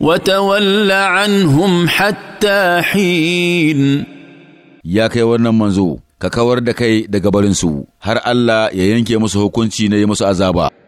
وتول عنهم حتى حين Ya kai wannan manzo ka kawar da kai daga barinsu har Allah ya yanke musu hukunci na yi musu azaba